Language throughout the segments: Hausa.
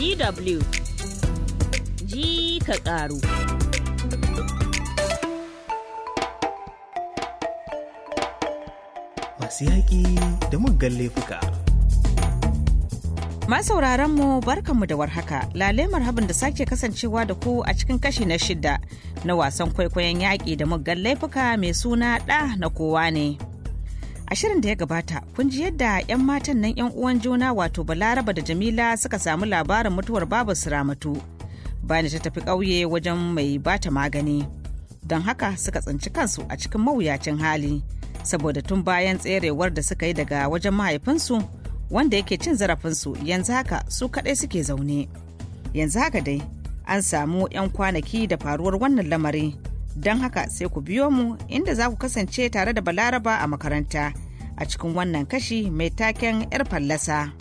DW ji ka ƙaru. Masu yaƙi da muggan laifuka. sauraron mu barkanmu da warhaka lale marhaban da sake kasancewa da ku a cikin kashi na shida na wasan kwaikwayon yaƙi da muggan laifuka mai suna ɗa na kowa ne. a shirin da ya gabata kun ji yadda 'yan matan nan 'yan uwan juna wato balaraba da jamila suka samu labarin mutuwar babu ramatu bayan ta tafi ƙauye wajen mai bata magani don haka suka tsinci kansu a cikin mawuyacin hali saboda tun bayan tserewar da suka yi daga wajen mahaifinsu wanda yake cin zarafinsu yanzu haka su kaɗai suke zaune yanzu haka dai an samu 'yan kwanaki da faruwar wannan lamari Don haka sai ku biyo mu inda za ku kasance tare da Balaraba a makaranta a cikin wannan kashi mai taken 'yar fallasa.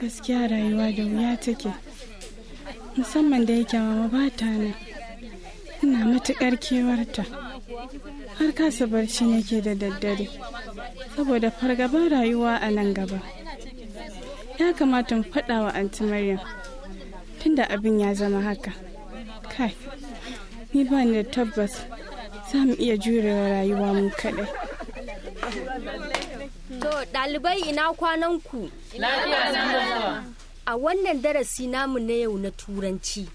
Gaskiya rayuwa da wuya take. Musamman da yake mama ba ta nan. ina matuƙar kewarta har kasa barci yake da daddare saboda fargaban rayuwa a nan gaba ya kamata mu faɗa wa anti maryam tunda abin ya zama haka kai ni ba ni da tabbas za mu iya jurewa rayuwa mu kaɗai to ɗalibai ina kwanan ku a wannan darasi namu na yau na turanci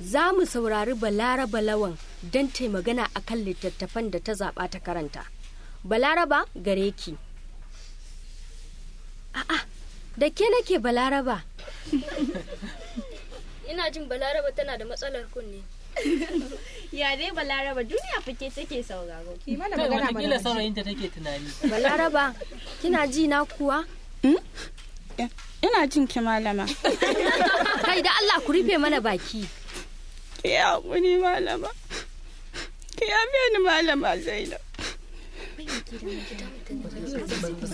za mu saurari balaraba lawan don ta magana a kan littattafan da ta zaɓa ta karanta balaraba gare ki a'a da ke nake balaraba ina jin balaraba tana da matsalar kunne ya dai balaraba duniya fake take sauraro ki mana magana mana kila saurayin ta take tunani balaraba kina ji na kuwa hmm? ina jin ki malama kai da Allah ku rufe mana baki ki malama ki yafe ni malama zainab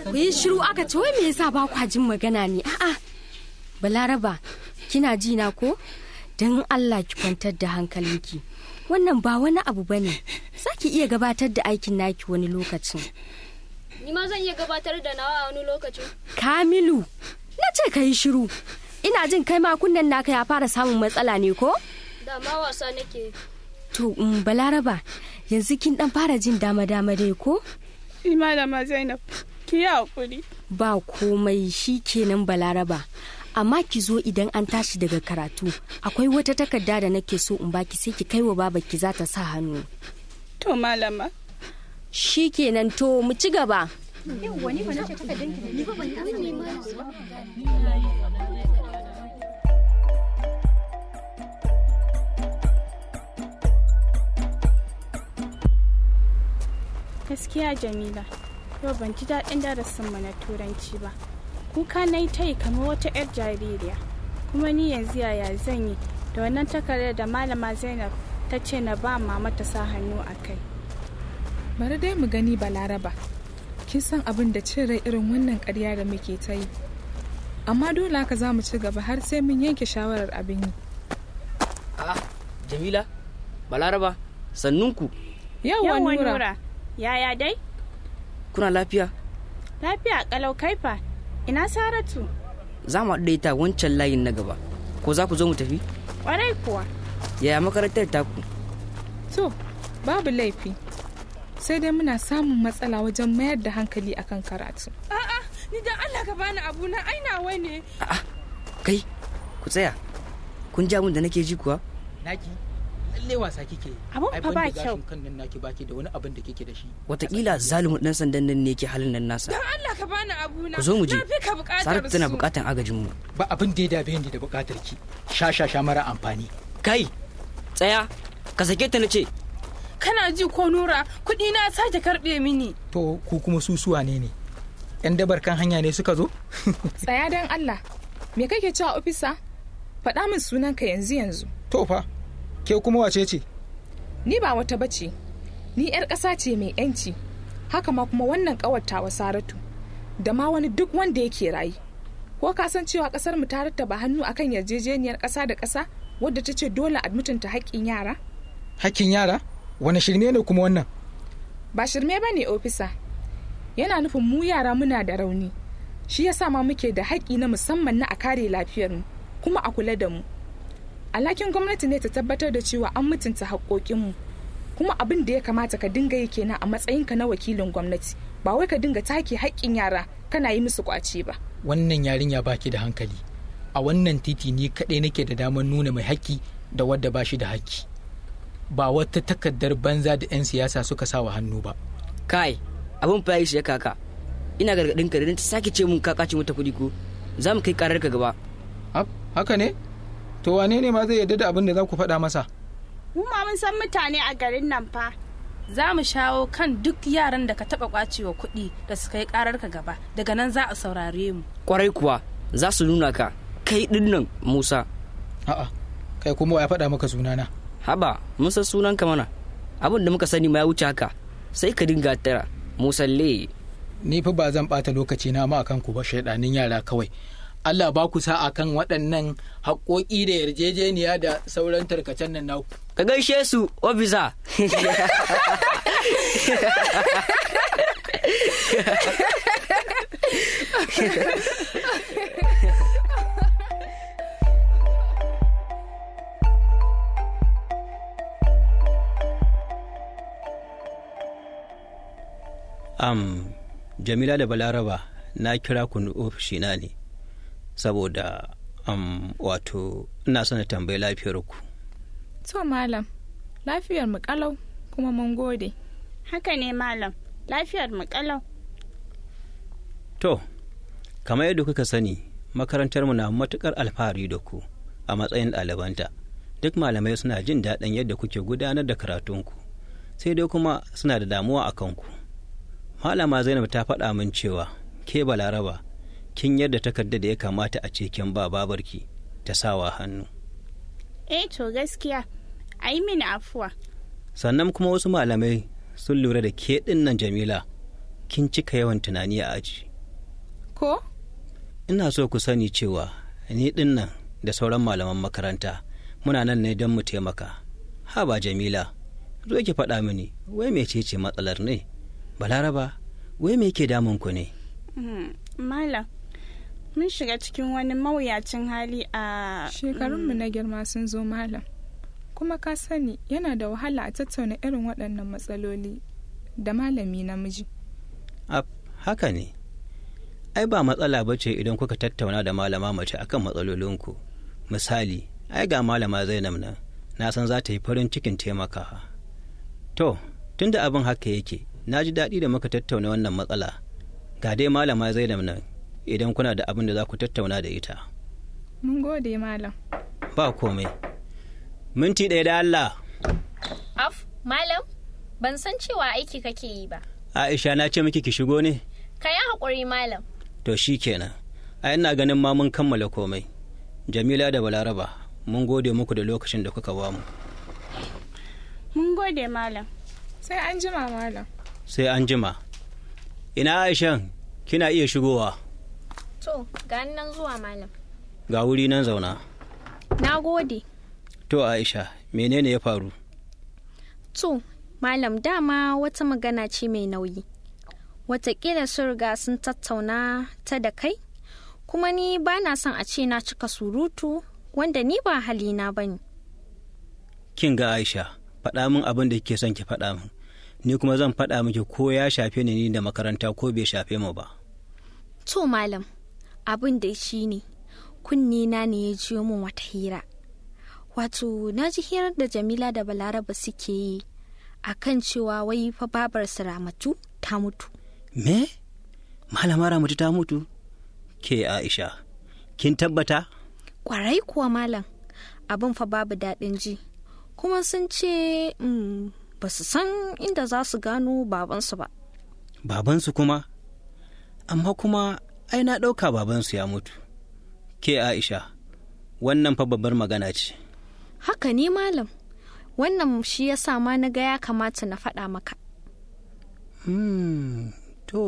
ku yi shiru aka ce wai me yasa ba kwa jin magana ne a'a balaraba kina ji na ko don allah ki kwantar da hankalinki wannan ba wani abu ba ne za ki iya gabatar da aikin naki wani lokacin ni ma zan iya gabatar da nawa a wani lokacin kamilu na ce ka yi shiru ina jin kai ma kunnen naka ya fara samun matsala ne ko dama wasa nake to um, balaraba yanzu kin dan fara jin dama dama dai ko eh, malama zainab ki yi hakuri ba komai shi kenan balaraba amma ki zo idan an tashi daga karatu akwai wata takarda da nake so in baki sai ki kaiwa baba ki za ta sa hannu to malama shi kenan to mu ci gaba yau wani ba na ce takardar gaskiya jamila yau ban ji daɗin darasin mu na turanci ba kuka na yi tayi kamar wata 'yar jaririya kuma ni yanzu yaya zan yi da wannan takardar da malama zainab ta ce na ba mama ta sa hannu a kai bari dai mu gani balaraba kin san abin da cin rai irin wannan karya da muke ta yi amma dole haka za mu ci gaba har sai mun yanke shawarar abin yi a jamila balaraba sannunku yawa nura Yaya dai? Kuna lafiya? Lafiya kalau kaifa. Ina Saratu? Za mu haɗu ita wancan layin na gaba. Ko za ku zo mu tafi? Ƙwarai kuwa. Yaya makarantar taku? To, babu laifi. Sai dai muna samun matsala wajen mayar da hankali akan karatu. A'a, ni dan Allah ka bani abu na aina wai ne. A'a, kai, ku tsaya. Kun ji abin da nake ji kuwa? Naki. lalle wasa kike abun fa ba kyau kan nan naki baki da wani abin da kike da shi watakila zalimin dan sandan nan ne yake halin nan nasa dan Allah ka bani abuna ku zo mu je Saratu tana bukatan agajin mu ba abin da ya dabe ni da bukatar ki sha sha sha mara amfani kai tsaya ka sake ta nace kana ji ko nura kudi na sake karbe mini to ku kuma susuwa ne ne yan dabar kan hanya ne suka zo tsaya dan Allah me kake cewa ofisa faɗa min sunanka yanzu yanzu to fa ke kuma wace ce ni ba wata bace ni yar ƙasa ce mai yanci haka ma kuma wannan ƙawartawa saratu da ma wani duk wanda yake rayu ko ka san cewa ƙasar mu ta rattaba hannu akan yarjejeniyar ƙasa da ƙasa wadda ta ce dole a mutunta haƙƙin yara haƙƙin yara wani shirme ne kuma wannan ba shirme ba ne ofisa yana nufin mu yara muna da rauni shi yasa ma muke da haƙƙi na musamman na a kare lafiyar mu kuma a kula da mu alhakin gwamnati ne ta tabbatar da cewa an mutunta haƙoƙinmu kuma abin da ya kamata ka dinga yi kenan a matsayinka na wakilin gwamnati ba wai ka dinga take hakkin yara kana yi musu kwace ba wannan yarinya baki da hankali a wannan titi ne kaɗai nake da damar nuna mai haƙƙi da wadda ba shi da haƙƙi ba wata takardar banza da 'yan siyasa suka sa wa hannu ba kai abin fa ya kaka ina gargaɗin ka da ta sake ce mun kaka ce mata kuɗi ko za mu kai karar ka gaba haka ne to wane ne ma zai yarda da abin da za ku faɗa masa mu ma mun san mutane a garin nan fa za mu shawo kan duk yaran da ka taɓa kwacewa kuɗi da suka yi ƙarar ka gaba daga nan za a saurare mu kwarai kuwa za su nuna ka kai ɗin nan musa a'a kai kuma ya faɗa maka sunana haba mun san sunan ka mana abin da muka sani ma ya wuce haka sai ka dinga tara musalle ni fa ba zan ɓata lokaci na ma akan ku ba shaidanin yara kawai Allah ba ku sa'a kan waɗannan haƙoƙi da yarjejeniya da sauran tarkacen nan naku. Ka gaishe su, ofisa. Um, Jamila da Balaraba na kira ku ofishina ne. saboda um, wato ina son na tambayi lafiyar ku to malam lafiyar mu kalau kuma mun gode haka ne malam lafiyar mu kalau to kamar yadda kuka sani makarantar mu na matukar alfahari da ku a matsayin ɗalibanta duk malamai suna jin daɗin yadda kuke gudanar da karatunku sai dai kuma suna da damuwa a kanku malama zainab ta faɗa min cewa ke balaraba kin yarda takarda da ya kamata a ce kin ba babarki ta sawa hannu eh to gaskiya a yi mini afuwa sannan kuma wasu malamai sun lura da ke nan jamila kin cika yawan tunani a aji ko ina so ku sani cewa ni dinnan da sauran malaman makaranta muna nan ne don mu taimaka Ha ba jamila zo ki faɗa mini wai mecece matsalar ne balaraba wai me ke damun ku ne hmm, malam mun shiga cikin wani mawuyacin hali a shekarunmu mm. na girma sun zo malam kuma ka sani yana da wahala a tattauna irin waɗannan matsaloli da malami namiji haka ne ai ba matsala ba ce idan kuka tattauna da malama mace akan matsalolinku misali ai ga malama zainab nan na san za ta yi farin cikin taimakawa to tunda abin haka yake na ji daɗi da muka tattauna wannan matsala ga dai malama zainab nan idan kuna da abin da za ku tattauna da ita. Mun gode malam. Ba komai. Minti ɗaya da Allah. Af, malam, ban san cewa aiki kake yi ba. Aisha na ce miki ki shigo ne? Ka yi haƙuri malam. To shi kenan, a ina ganin ma mun kammala komai. Jamila da Balaraba, mun gode muku da lokacin da kuka bamu. Mun gode malam, sai an jima malam. Sai an jima. Ina Aishan, kina iya shigowa. To, gani nan zuwa malam. Ga wuri nan zauna. Na gode. To, Aisha, menene ya faru? To, malam dama wata magana ce mai nauyi. Wataƙila sun riga sun tattauna ta da kai, kuma ni ba na son a ce na cika surutu wanda ni ba halina ba ne. Kin ga Aisha, faɗa min abin da kike son ki faɗa min. Ni kuma zan faɗa miki ko ya shafe ni da makaranta ko bai shafe mu ba. To, malam, abin da shi ne kunni na ne ya jiyo min wata hira wato na ji hirar da jamila da balaraba suke yi a kan cewa wai fa babar ramatu ta mutu me malama ramatu ta mutu ke aisha kin tabbata kwarai kuwa malam abin fa babu daɗin ji kuma sun ce mm, ba su san inda za su gano babansu ba babansu kuma amma kuma ai na ɗauka babansu ya mutu ke aisha wannan fa babbar magana ce haka ne malam wannan shi ya sa ma na ga ya kamata na faɗa maka hmm to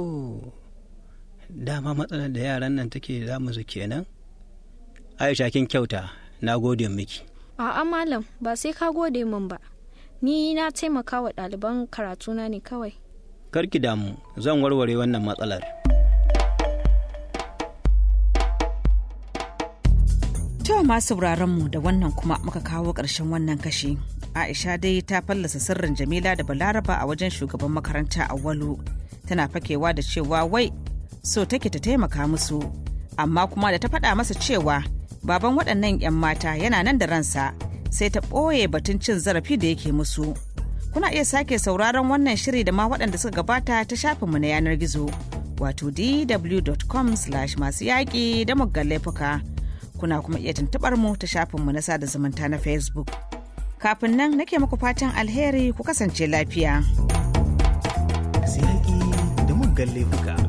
dama matsalar da yaran nan take damu su kenan aisha kin kyauta na gode miki a'a malam ba sai ka gode min ba ni na taimaka wa ɗaliban karatuna ne kawai karki damu zan warware wannan matsalar To ma sauraron mu da wannan kuma muka kawo ƙarshen wannan kashi. Aisha dai ta fallasa sirrin Jamila da Balaraba a wajen shugaban makaranta a Walo. Tana fakewa da cewa wai so take ta taimaka musu. Amma kuma da ta faɗa masa cewa baban waɗannan 'yan mata yana nan da ransa sai ta ɓoye batun cin zarafi da yake musu. Kuna iya sake sauraron wannan shiri da ma waɗanda suka gabata ta shafinmu na yanar gizo. Wato dw.com slash masu yaƙi da muggan laifuka. kuna kuma iya tuntubar mu ta mu na sada zumunta na facebook kafin nan nake muku fatan alheri ku kasance lafiya. Siyaki da muggan laifuka.